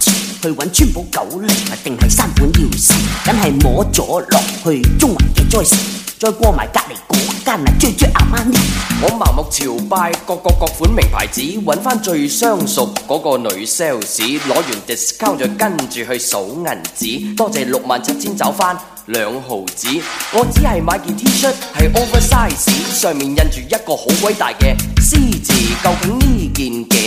去揾川久保玲，定係山本耀司，梗係摸咗落去中環嘅 Joyce，再過埋隔籬嗰間啊，最最牛媽咪。我盲目朝拜各各各款名牌子，揾翻最相熟嗰個女 sales，攞完 discount 再跟住去數銀紙，多謝六萬七千找翻兩毫子。我只係買件 T 恤，係 oversize，上面印住一個好鬼大嘅 C 字，究竟呢件？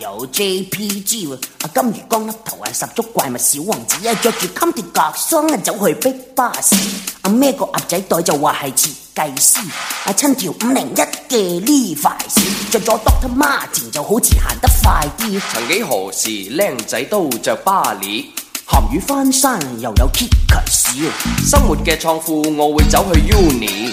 有 JPG 喎，阿金魚缸粒頭，十足怪物小王子，啊着住 Compton 走去 Big Bus，阿孭個鴨仔袋就話係設計師，阿穿條五零一嘅呢塊線，着咗 Doctor Marten 就好似行得快啲，曾幾何時靚仔都着巴厘，咸魚翻山又有 Kickers，生活嘅創富，我會走去 Uni